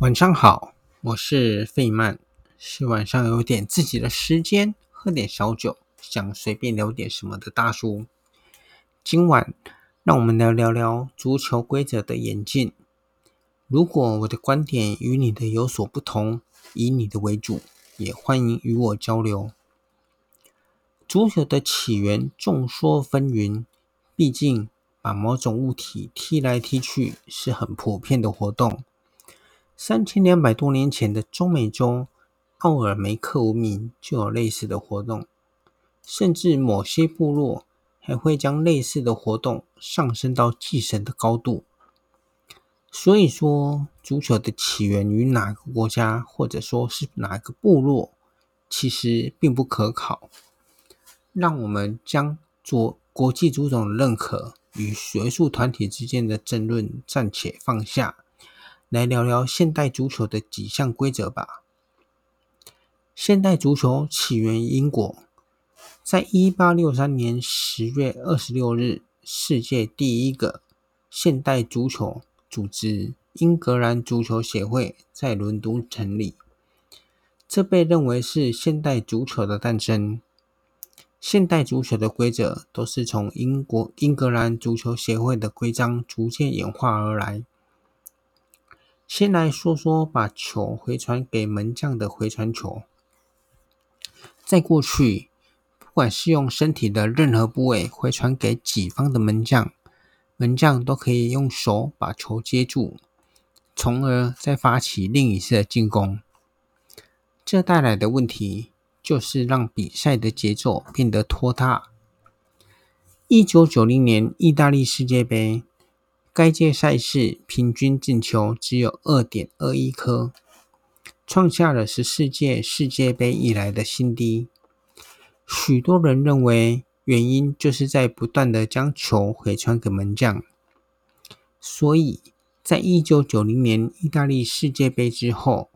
晚上好，我是費曼，是晚上有點自己的時間，喝點小酒，想隨便聊點什麼的大叔。今晚讓我們來聊聊足球規則的演進。如果我的觀點與你的有所不同，以你的為主，也歡迎與我交流。足球的起源眾說紛紜，畢竟把某種物體踢來踢去是很普遍的活動。三千兩百多年前的中美洲奧爾梅克文明就有類似的活動，甚至某些部落還會將類似的活動上升到祭神的高度。所以說，足球的起源於哪個國家或者說是哪個部落，其實並不可考。讓我們將做國際足總的認可與學術團體之間的爭論暫且放下。來聊聊現代足球的幾項規則吧。現代足球起源於英國，在一八六三年十月二十六日，世界第一個現代足球組織——英格蘭足球協會在倫敦成立，這被認為是現代足球的誕生。現代足球的規則都是從英國英格蘭足球協會的規章逐漸演化而來。先來說說把球回傳給門將的回傳球。在過去，不管是用身體的任何部位回傳給己方的門將，門將都可以用手把球接住，從而再發起另一次進攻。這帶來的問題就是讓比賽的節奏變得拖沓。一九九零年意大利世界杯，該屆賽事平均進球只有二點二一顆，創下了十四屆世界杯以來的新低。許多人認為，原因就是在不斷地將球回傳給門將。所以，在一九九零年意大利世界杯之後，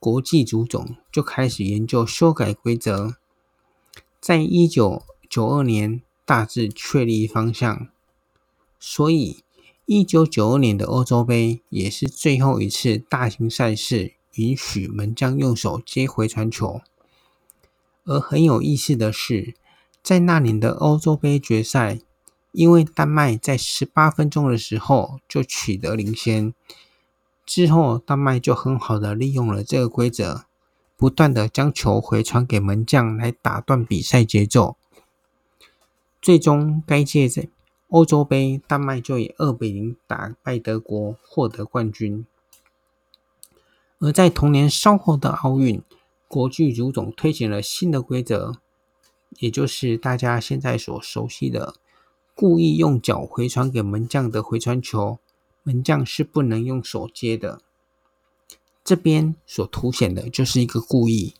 國際足總就開始研究修改規則，在一九九二年大致確立方向。所以，一九九二年的歐洲杯也是最後一次大型賽事允許門將用手接回傳球。而很有意思的是，在那年的歐洲杯決賽，因為丹麥在十八分鐘的時候就取得領先，之後丹麥就很好地利用了這個規則，不斷地將球回傳給門將來打斷比賽節奏，最終該屆在。歐洲杯，丹麥就以二比零打敗德國，獲得冠軍。而在同年稍後的奧運，國際足總推行了新的規則，也就是大家現在所熟悉的：故意用腳回傳給門將的回傳球，門將是不能用手接的。這邊所凸顯的就是一個故意，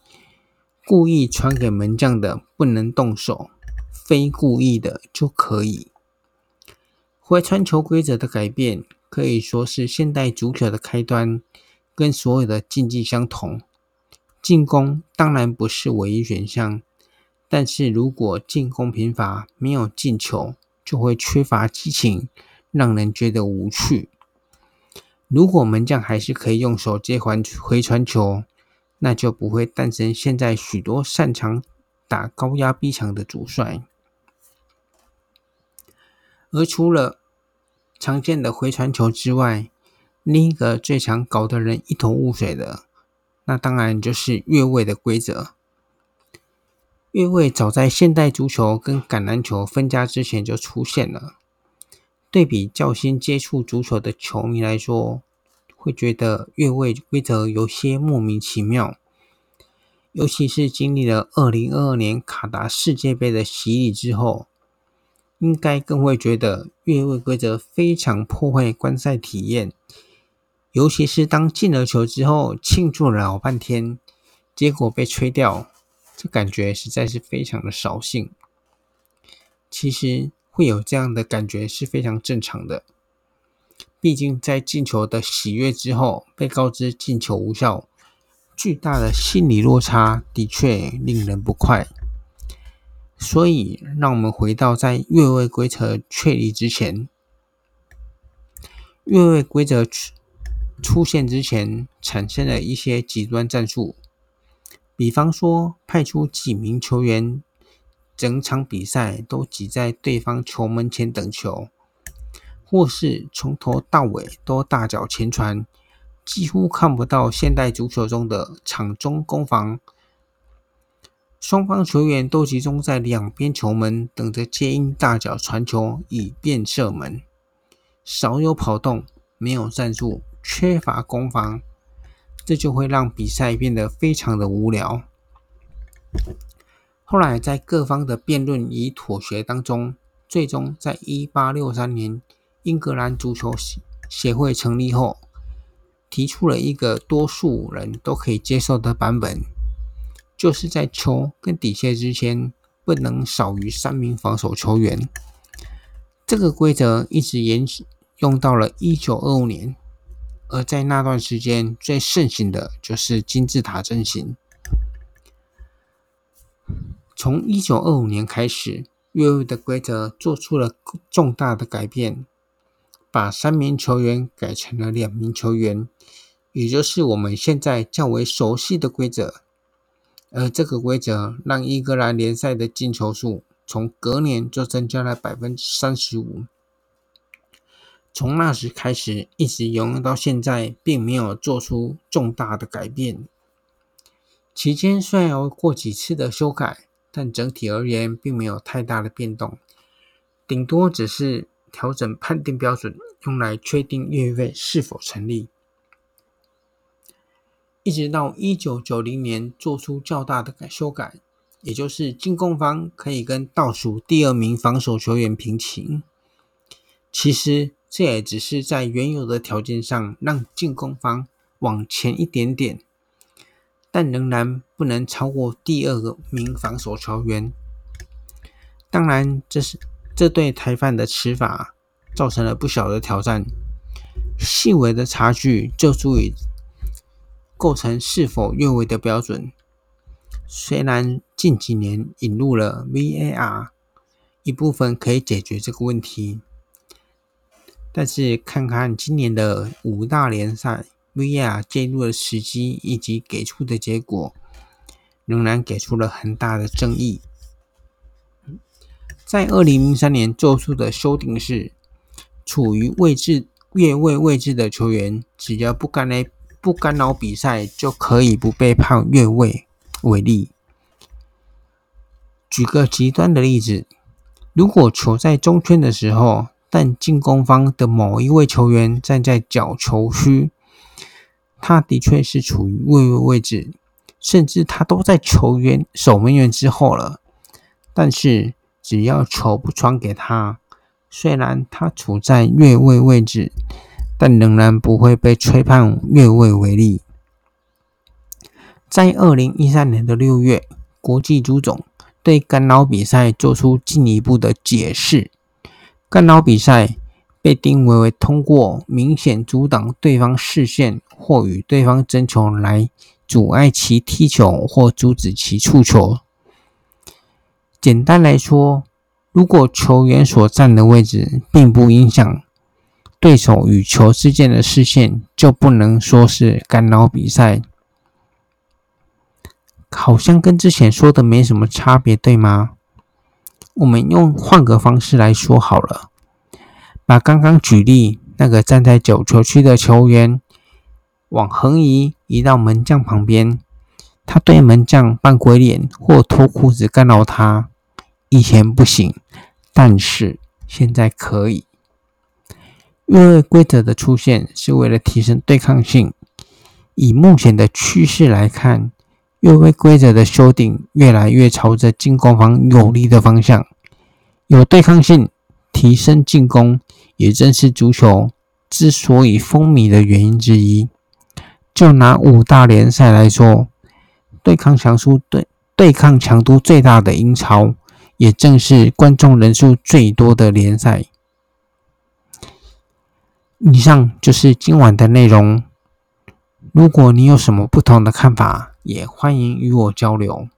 故意傳給門將的不能動手，非故意的就可以。回傳球規則的改變可以說是現代足球的開端，跟所有的競技相同。進攻當然不是唯一選項，但是如果進攻貧乏，沒有進球，就會缺乏激情，讓人覺得無趣。如果門將還是可以用手接環回傳球，那就不會誕生現在許多擅長打高壓逼搶的主帥。而除了常見的回傳球之外，另一個最常搞得人一頭霧水的，那當然就是越位的規則。越位早在現代足球跟橄欖球分家之前就出現了。對比較新接觸足球的球迷來說，會覺得越位規則有些莫名其妙。尤其是經歷了二零二二年卡達世界杯的洗禮之後。應該更會覺得越位規則非常破壞觀賽體驗，尤其是當進了球之後慶祝了老半天，結果被吹掉，這感覺實在是非常的掃興。其實會有這樣的感覺是非常正常的，畢竟在進球的喜悅之後被告知進球無效，巨大的心理落差的確令人不快。所以，讓我們回到在越位規則確立之前，越位規則出出現之前，產生了一些極端戰術，比方說派出幾名球員，整場比賽都擠在對方球門前等球，或是從頭到尾都大腳前傳，幾乎看不到現代足球中的場中攻防。雙方球員都集中在兩邊球門，等着接應大腳傳球，以便射門。少有跑動，沒有戰術，缺乏攻防，這就會讓比賽變得非常的無聊。後來，在各方的辯論與妥協當中，最終在一八六三年英格蘭足球協會成立後，提出了一個多數人都可以接受的版本。就是在球跟底線之間不能少於三名防守球員。這個規則一直延續用到了一九二五年，而在那段時間最盛行的就是金字塔陣型。從一九二五年開始，越位的規則做出了重大的改變，把三名球員改成了兩名球員，也就是我們現在較為熟悉的規則。而這個規則讓英格蘭聯賽的進球數從隔年就增加了百分之三十五，從那時開始一直沿用到現在，並沒有做出重大的改變。期間雖然有過幾次的修改，但整體而言並沒有太大的變動，頂多只是調整判定標準，用來確定越位是否成立。一直到一九九零年做出較大的修改，也就是進攻方可以跟倒數第二名防守球員平行。其實這也只是在原有的條件上讓進攻方往前一點點，但仍然不能超過第二名防守球員。當然，這是這對台范的執法造成了不小的挑戰，細微的差距就足以。構成是否越位的標準，雖然近幾年引入了 VAR，一部分可以解決這個問題，但是看看今年的五大聯賽 VAR 介入的時機以及給出的結果，仍然給出了很大的爭議。在二零零三年做出的修訂是：處於位置越位位置的球員，只要不干不干擾比賽就可以不被判越位違例。舉個極端的例子，如果球在中圈的時候，但進攻方的某一位球員站在角球區，他的確是處於越位位置，甚至他都在球員守門員之後了。但是只要球不傳給他，雖然他處在越位位置。但仍然不會被吹判越位違例。在二零一三年的六月，國際足總對干擾比賽作出進一步的解釋：干擾比賽被定為通過明顯阻擋對方視線或與對方爭球來阻礙其踢球或阻止其觸球。簡單來說，如果球員所站的位置並不影響。對手與球之間的視線就不能說是干擾比賽，好像跟之前說的沒什麼差別，對嗎？我們用換個方式來說好了，把剛剛舉例那個站在角球區的球員往橫移移到門將旁邊，他對門將扮鬼臉或脫褲子干擾他，以前不行，但是現在可以。越位規則的出現是為了提升對抗性。以目前的趨勢來看，越位規則的修訂越來越朝着進攻方有利的方向。有對抗性，提升進攻，也正是足球之所以風靡的原因之一。就拿五大聯賽來說，對抗強度最對抗強度最大的英超，也正是觀眾人數最多的聯賽。以上就是今晚的內容。如果你有什麼不同的看法，也歡迎與我交流。